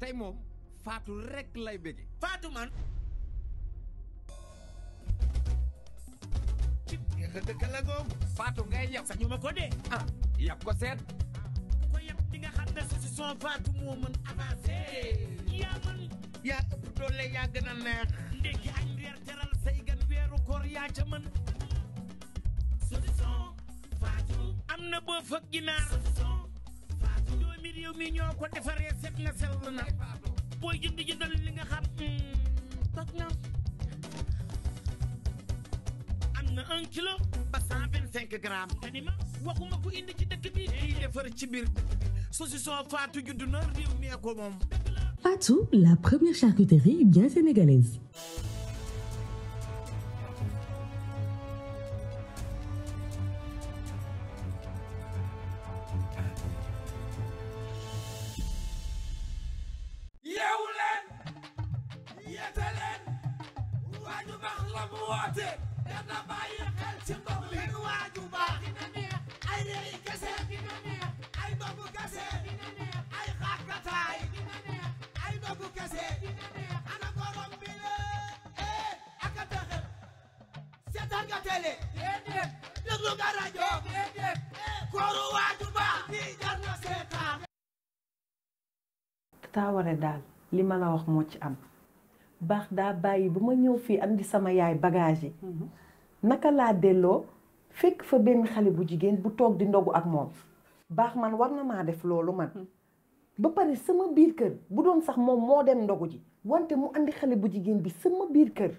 tey moom faatu rek lay bége faatu man ci dëkka la googu faatu ngay yab sax ñu ma ko dee ah yab ko seet ko yab di nga xam ne faatu moo mën avancé yaa mën yaa ëpp doole yaa gën a neex ndékki añ reer teral say gan weeru koor yaa ca mën saucisson faatu am na boo fa ginaar réew mi ñoo ko defaree set na sell na booy jënd jëndal li nga xam toj na am na un kilo ba cent vingt cinq grammes tani ma waxuma ko indi ci dëkk bi di defar ci biir saucisson Fatou judd na réew mi ko moom Fatou la première charcuterie bien sénégalaise woote dana bàyyi xel ci ndox li benn waaju baax dina neex ay rey kese dina neex ay ndogu kese dina neex ay xàkkataay dina neex ay ndogu kese dina neex ana borom bi la eh a taxal seetaan nga télé déedéet nga rajo déedéet eh, kooru waaju baax jar na seetaan li ma la ci am baax daa bàyyi ba ma ñëw fii andi sama yaay bagage yi mhm. naka laa delloo fekk fa benn xale bu jigéen bu toog di ndogu ak moom baax man war na maa def loolu man mhm. ba pare sama biir kër bu doon sax moom moo dem ndogu ji wante mu andi xale bu jigéen bi sama biir kër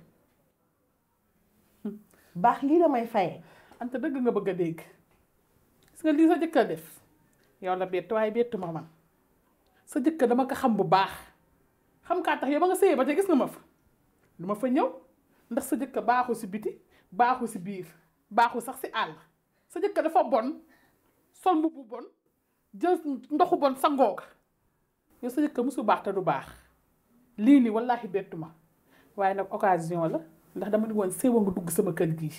mhm. baax lii la may faye ante dëgg nga bëgg a dégg gis nga lii sa jëkkër def yow la bett waaye bettu ma man sa jëkkër dama ko xam bu baax xam ka tax yow ba nga sey ba tey gis nga ma fa du fa ñew ndax sa jëk baaxu ci biti baaxu ci biir baaxu sax ci àll sa jëk dafa bon sol bu bon jël ndoxu bon sa ngooga yow sa jëk musu baax te du baax lii nii wallahi bettuma ma waaye nag occasion la ndax dama ni woon séewa nga dugg sama kër gii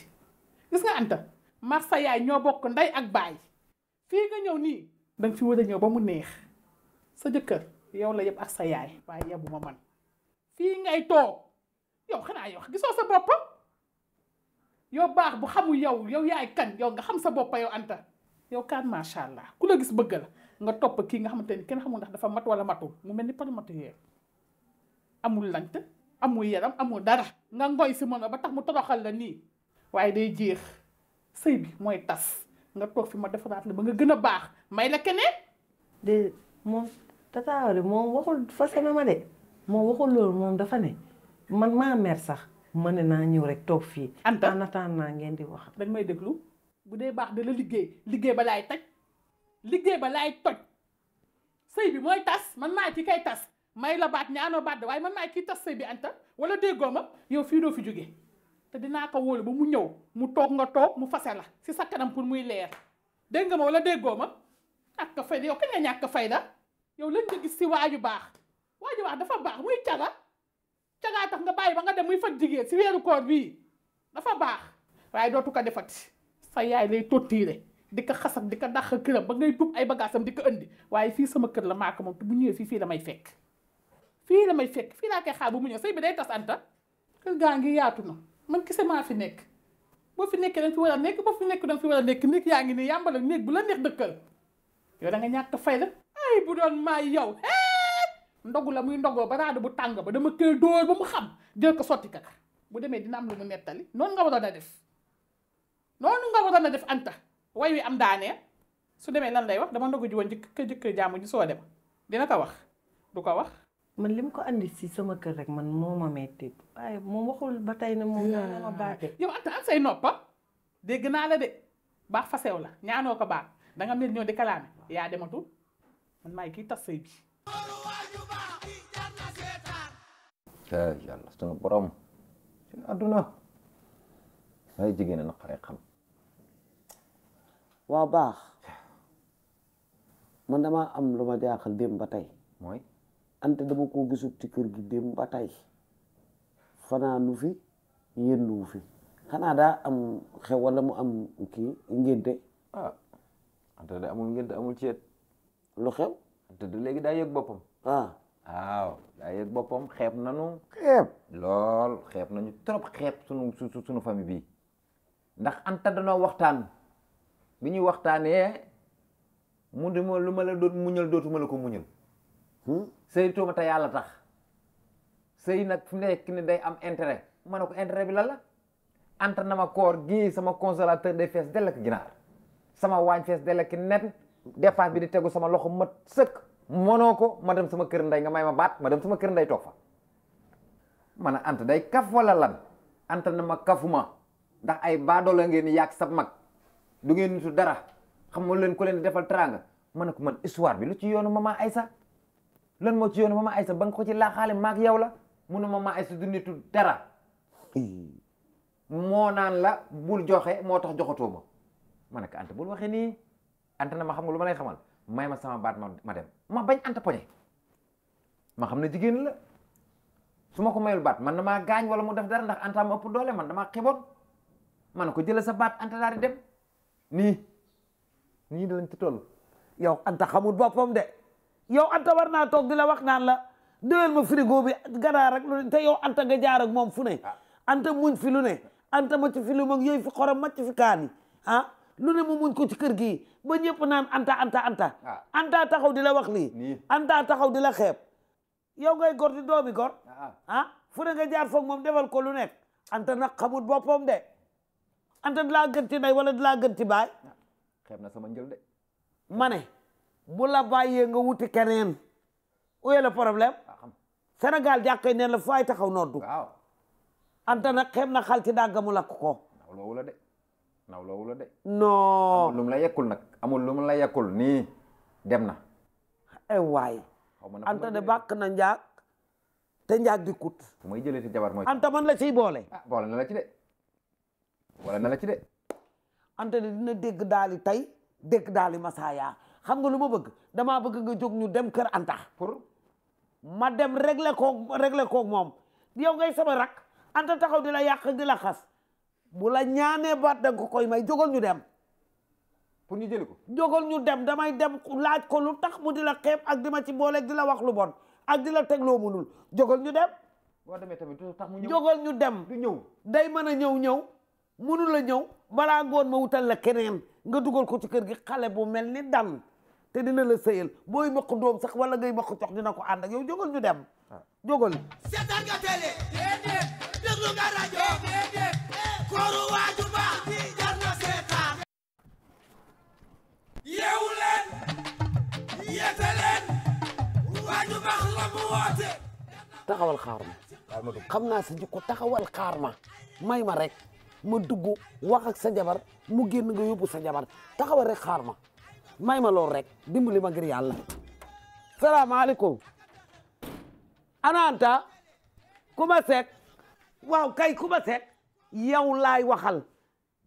gis nga anta marsa yaay ñoo bokk ndey ak baay fii nga ñëw nii danga fi war a ñëw ba mu neex sa jëkkër yow la yeb ak sa yaay way yebuma man fi ngay toog yow xana yow gisso sa bop yow bax bu xamu yow yow yaay kan yow nga xam sa bop yow anta yow kan sha allah kula gis beug la nga top ki nga xamanteni ken xamul ndax dafa mat wala matu mu melni pal matu ye amul lant amul yaram amul dara nga ngoy si mon ba tax mu toroxal la ni waye day jeex sey bi moy tas nga tok fi ma defaraat la ba nga gëna bax may la kené de mom Tata Awade moom waxul fase na ma de moom waxul loolu moom dafa ne man maa mer sax mën ne naa ñëw rek toog fii. Anta en attendant ngeen di wax. dañ may déglu bu dee baax dana liggéey liggéey ba laay taj liggéey ba laay toj sëy bi mooy tas man maa ci kay tas may la baat ñaanoo baat waaye man maa ciy tas sëy bi Anta wala déggoo ma yow fii doo fi jóge te dinaa ko wóolu ba mu ñëw mu toog nga toog mu fase la si sa kanam pour muy leer dégg nga ma wala déggoo ma ak ka fayda fayda yow lañ nga gis si waaju baax waaju baax dafa baax muy caga cagaa tax nga bàyyi ba nga dem muy fat jigéen si weeru koor bii dafa baax waaye dootu ko defat sa yaay lay tottiire di ko xasab di ko dàq këram ba ngay tub ay bagaasam di ko indi waaye fii sama kër la maaka moom te bu ñëwee fii fii la may fekk fii la may fekk fii laa koy xaar bu mu ñëw sëy bi day tas anta kër gaa ngi yaatu na man kese maa fi nekk boo fi nekkee da nga fi war a nekk boo fi yaa ngi nii yàmbala néeg bu la neex dëkkal yow da nga ñàkk fayda ay bu doon maa yow ndogu la muy ndogoo ba raadu bu tàng ba dama këy dóor ba mu xam jël ko sotti kaka bu demee dina am lu mu nettali noonu nga waroon a def noonu nga waroon a def anta way wi am daanee su demee lan lay wax dama ndogu ji woon jëkkër jëkkër jaamu ji soo dem dina ko wax du ko wax man li mu ko indi si sama kër rek man moom ma metti waaye moom waxul ba tey ne moom moo ma yow anta am say noppa dégg naa la de baax fasew la ñaanoo ko baax da nga mel ñoo di kalaame yaa dematul man maay kii tas sëy bi. yàlla borom adduna ay jigéen na xare xam. waaw baax man am lu ma jaaxal démb ba tey mooy ante dama koo gisul ci kër gi démb ba tey fanaanu fi yennuwu fi xanaa daa am xew wala mu am kii ngénte ah. wante da amul tak amul ceet lu xew wante da léegi da ah waaw da bapam, boppam xeeb nañu xeeb lol xeeb nañu trop xeeb sunu tu tu famille bi ndax anta danoo waxtaan bi ñuy waxtaanee mu di ma lu ma la doot muñal dootuma la ko muñal hmm? sëy tuuma te yàlla tax sëy nag fi nekk day am intérêt ma intérêt bi la la anta na ma koor sama consolateur day fees dell ak sama waañ de lek net dépense bi di teggu sama loxo mat seuk monoko ma dem sama kër nday nga may ma ma dem sama kër nday toog fa man ant day kaf wala lan ant na ma kafuma ndax ay la ngeen yak sa mak du ngeen nitu dara xamoo leen ko leen defal teraanga man histoire bi lu ci yoonu mama Aïssa lan mo ci yoonu mama Aïssa bang ko ci xale mak yaw la munu mama Aïssa du nitu dara mo nan la bul joxe moo tax mana ne ko bul waxe ni kamu na ma xam nga lu ma lay xamal mayma sama baat ma dem ma bañ ante poñe ma xam ne la suma ko mayul baat man damaa gañ wala mu def dara ndax ante ma upp doole man dama ma ko jël sa baat ante daal di dem ni, ni lañ ci toll. yow ante xamul boppam de yow ante warna tok dila di wax nan la deul ma frigo bi ganaar rek te yow ante ga jaar ak mom fu ne ah. muñ fi lu ne ante ma ci fi lu yoy fi xoram ma ci fi kaani ah. lu ne mu muñ ci kër gi ba ñëpp naan anta anta anta ah. anta taxaw di la wax lii anta taxaw di la xeeb yow ngay gor di doomi gor ah, ah. ah fu ne nga jaar foog moom defal ko lu nekk anta nag xamul boppam de anta di laa gën ci ndey wala di laa gën ci baay xeeb na sama njël ma ne bu la bàyyee nga wuti keneen oye le problème Sénégal jàkkee neen la fu ay taxaw noddu anta nag xeeb na xal ci dàggamu lakk ko naw loowu la de. noo amul lu mu la yekkul nag amul lu mu la yekkul nii dem na. ay eh, waay. anta de bàkk na njaag te njaag di kut. fu may jëlee si jabar mooy. anta man la ciy boole. ah boole na la ci de boole na ci de. anta de dina dégg daali tey dégg daali masaaya xam nga lu ma bëgg damaa bëgg nga jóg ñu dem kër anta. pour ma dem régler koog régler koog moom yow ngay sama rak anta taxaw di la yàq di la xas. bu la ñaanee baat danga ko koy may jógal ñu dem pour ñu jógal ñu dem damay dem laaj ko lu tax mu di la xeeb ak di ma ci booleeg di la wax lu bon ak di la teg loo mënul jógal ñu dem boo demee tamit tax mu ñëw ñu dem du ñëw day mën a ñëw ñëw mënul la ñëw balaa ngoon ma wutal la keneen nga dugal ko ci kër gi xale bu mel ni dan te dina la sëyal booy maq doom sax wala ngay maq cox dina ko ànd ak yow jógal ñu dem ah. jógal seetaan nga télé déedéet déglu nga rajo ngoru waaju baax bi jar na seetaan waaju baax la mu woote taxawal xaar ma xam naa sa jikko taxawal xaar ma may ma rek ma dugg wax sa jabar mu génn nga yóbbu sa jabar taxawal rek xaar ma may ma lool rek dimbali ma ngir yàlla salaamaaleykum anaanta ku ma seet waaw kay ku ma seet yow laay waxal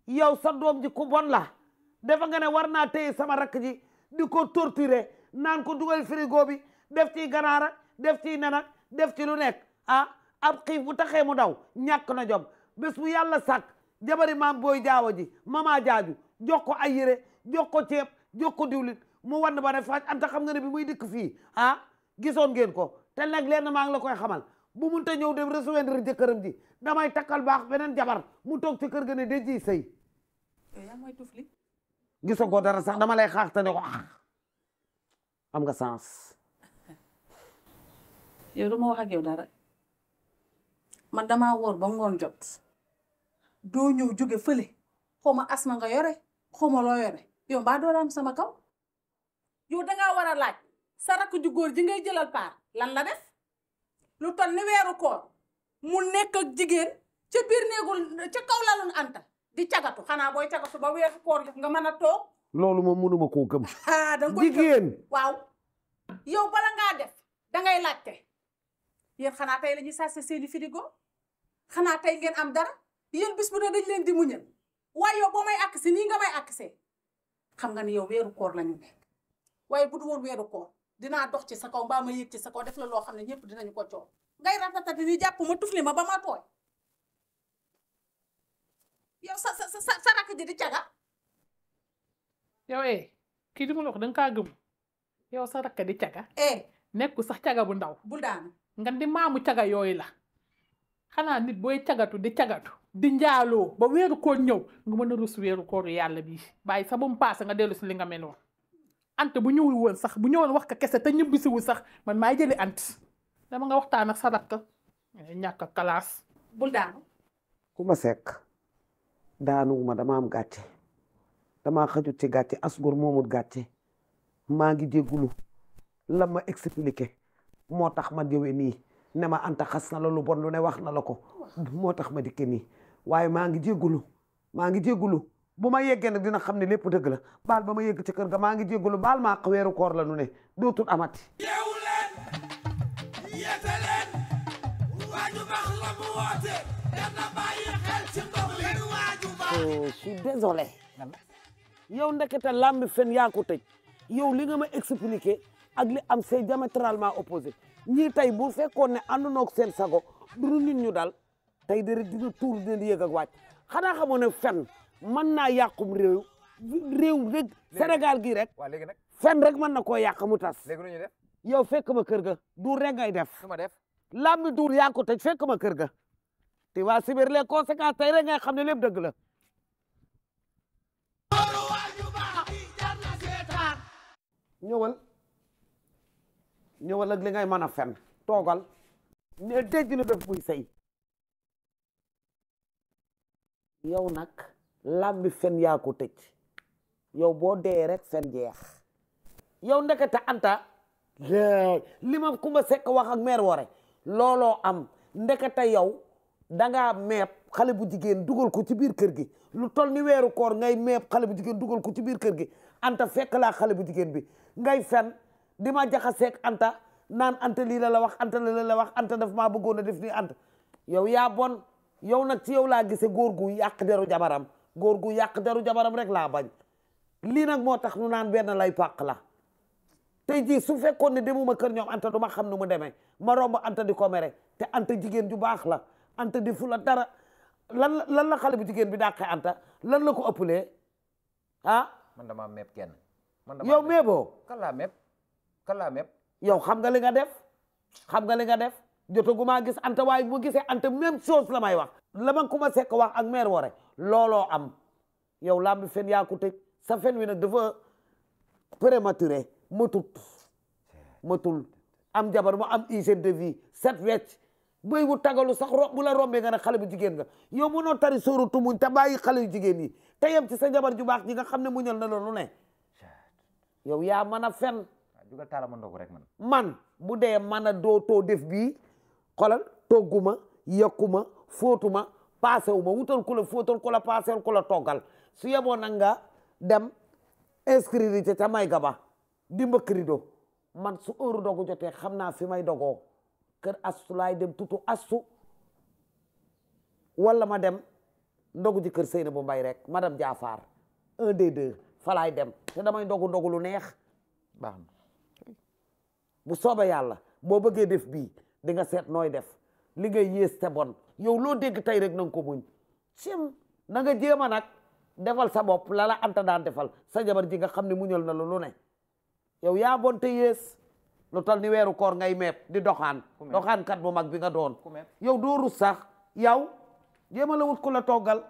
yow sa doom ji ku bon la defa nga ne war naa téye sama rakk ji di ko torturer naan ko dugal frigo bi def ci ganaar def ci nen ak def ci lu nekk ah ab xiif bu taxee mu daw ñàkk na jom bés bu yàlla sàkk jabari maam booy jaawo ji mama jaaju jox ko ay yére jox ko ceeb jox ko diwlin mu wan ba ne faaj anta xam nga ne bi muy dikk fii ah gisoon ngeen ko te nag lenn maa ngi la koy xamal bu mun ta ñëw dem rejoindre jëkkëram ji damay takkal baax beneen jabar mu toog ci kër ga ne denc sëy. yaa mooy tufli. gisagoo dara sax dama lay xaax te ne ah, am nga sens. yow du wax ak yow dara man dama wóor ba ngoon jot doo ñëw jóge fële xaw ma asma nga yore xaw ma loo yore yow mbaa doo sama kaw yow danga war a laaj sa rakk ju góor ji ngay jëlal paar lan la def. lu toll ni wéru ko mu nek ak jigen ci bir néegul ci kaw lalun anta di cagatu xana boy cagatu ba weeru koor nga mëna tok lolu mo mënuma ko gëm ah da nga ko jigéen yow bala nga def da ngay laccé yeen xana tay lañu sase seeni frigo xana tay ngeen am dara yeen bis bu ne dañ leen di muñal waaye yow may àkk ni nga may àkk xam nga ni yow wéru koor lañu nek nekk bu du koor dinaa dox ci sa kaw mbaa ma yëg ci sa kaw def la loo xam ne ñëpp dinañu ko coow ngay ratata di jàpp ma tufli ma ba ma tooy yow sa sa sa rakk di caga. yow eh, kaa gëm sa rakk di caga. eh nekku sax caga bu ndaw. bul daana nga di maamu caga yooyu la. xanaa nit booy cagatu di cagatu di njaaloo ba weeru koor ñëw nga mën a rus weeru kooru yàlla bii bàyyi sa bu mu paase nga dellu si li nga meloon ant bu ñewul woon sax bu ñëwoon wax ka kese te ñibbisiwul sax man maay jëli ant dama nga waxtaan ak sadaka ka eh, ñàkk kalaas bul daanu ku ma sekk daanuwuma dama am gàcce dama xajut ci gàcce asgur moomut gàcce maa ngi déggulu la ma expliqué moo tax ma jëwe nii ne ma anta xas na la lu bon lu ne wax na la ko moo tax ma dikke nii waaye maa ngi déggulu maa ngi déggulu bu ma yeggee nag dina xam ne lépp dëgg la baal ba ma yegg ci kër ga maa ngi jéggalu baal maa ko weeru koor la nu ne dootul amati yeewu leen yeete leen waaju baax la mu woote dana bàyyi xel ci ndox oh, fen yaa ko tëj yow li nga ma expliqué ak li am c'est diamétralement opposé ñii tey bu fekkoon ne àndunoog seen sago duru nit ñu dal tey dara dina tuur dina di yëg ak wàcc xanaa xamoo ne fen mën naa yàqum réew réew rek Sénégal gii rek fen rek mën na koo yàq mu tas yow fekk ma kër ga duur rek ngay def lam bi duur yaa ko tëj fekk ma kër ga te waa lek les conséquences tey rek ngay xam ne lépp dëgg la ñëwal ñëwal ak li ngay mën a fen toogal ne dégg na def buy sëy yow nag làmbi fen yaa ko tëj yow boo dee rek fen jeex yow ndekete anta li ma kumba sekk wax ak meer wore looloo am ndekete yow dangaa meeb xale bu jigéen dugal ko ci biir kër gi lu toll ni weeru koor ngay meeb xale bu jigéen dugal ko ci biir kër gi anta fekk laa xale bu jigéen bi ngay fen di ma jaxaseeg anta naan anta lii la la wax anta la la wax anta daf maa bëggoon a def nii anta yow yaa bon yow nag ci yow laa gise góor gu yàq deru jabaram góor gu yàq deru jabaram rek laa bañ lii nag moo tax nu naan benn lay pàq la tey jii su fekkoon ne demuma kër ñoom anta du ma xam nu mu demee ma romb anta di ko mere te anta jigéen ju baax la anta di fu la dara lan lan la xale bu jigéen bi dàqee anta lan la ko ëppalee ah man damaa meeb kenn man damaa yow meeboo kan laa yow xam nga li nga def xam nga li nga def jotagumaa gis anta waaye bu gisee anta même chose la may wax la ma commencé ko wax ak mère Woré looloo am yow làmb fen yaa ko tëj sa fen wi nag dafa prématuré matut matul am jabar mu am hygiène de vie set wecc béy bu tagalu sax ro bu la rombee nga ne xale bu jigéen nga yow mënoo tari sóoratu muñ te bàyyi xale yu jigéen yi te yem ci sa jabar ju baax ji nga xam ne muñal na loolu ne yow yaa mën a fen. man bu dee mën a dootoo def bii xolal togguma yokkuma fóotuma paasewu ma wutal ku la fóotal ku la paaseel ku la toggal su yeboon nag nga dem inscrire ca ca may gaba di mbëkk rido man su heure dogu jotee xam naa fi may dogoo kër astu laay dem tutu astu walla ma dem ndogu ji kër Seyna bu mbay rek madame Diafar un des falaay dem te damay ndogu ndogu lu neex baax bu soobee yàlla boo bëggee def bii di nga seet nooy def li ngay yées te bon yow loo dégg tey rek na nga ko muñ sim na nga jéem a nag defal sa bopp lala anta daan defal sa jabar ji nga xam ne muñal na la lu ne yow yaa bon te yées lu tal ni weeru koor ngay meeb di doxaan doxaankat bu mag bi nga doon yow doo rus sax yow jéem a la wut ku la toggal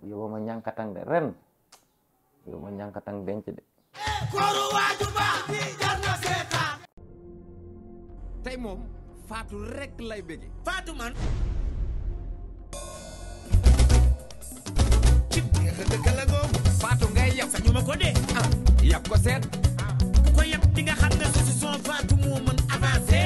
yo menyangka tang deren yo manyang katang denc de koru waju ba di jarna setan tay mom fatu rek lay bege Fatu man yap ko set ah, ko ah, yap di nga xamne position fatu mo man avancer